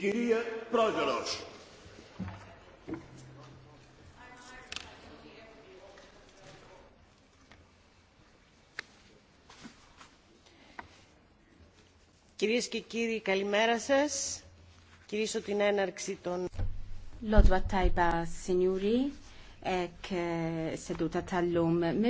Kirija Prozoros. Κυρίες και κύριοι, καλημέρα σας. Κυρίσω την έναρξη των... Λότβα Τάιπα, Σινιούρι, εκ σε τούτα τα ταλούμ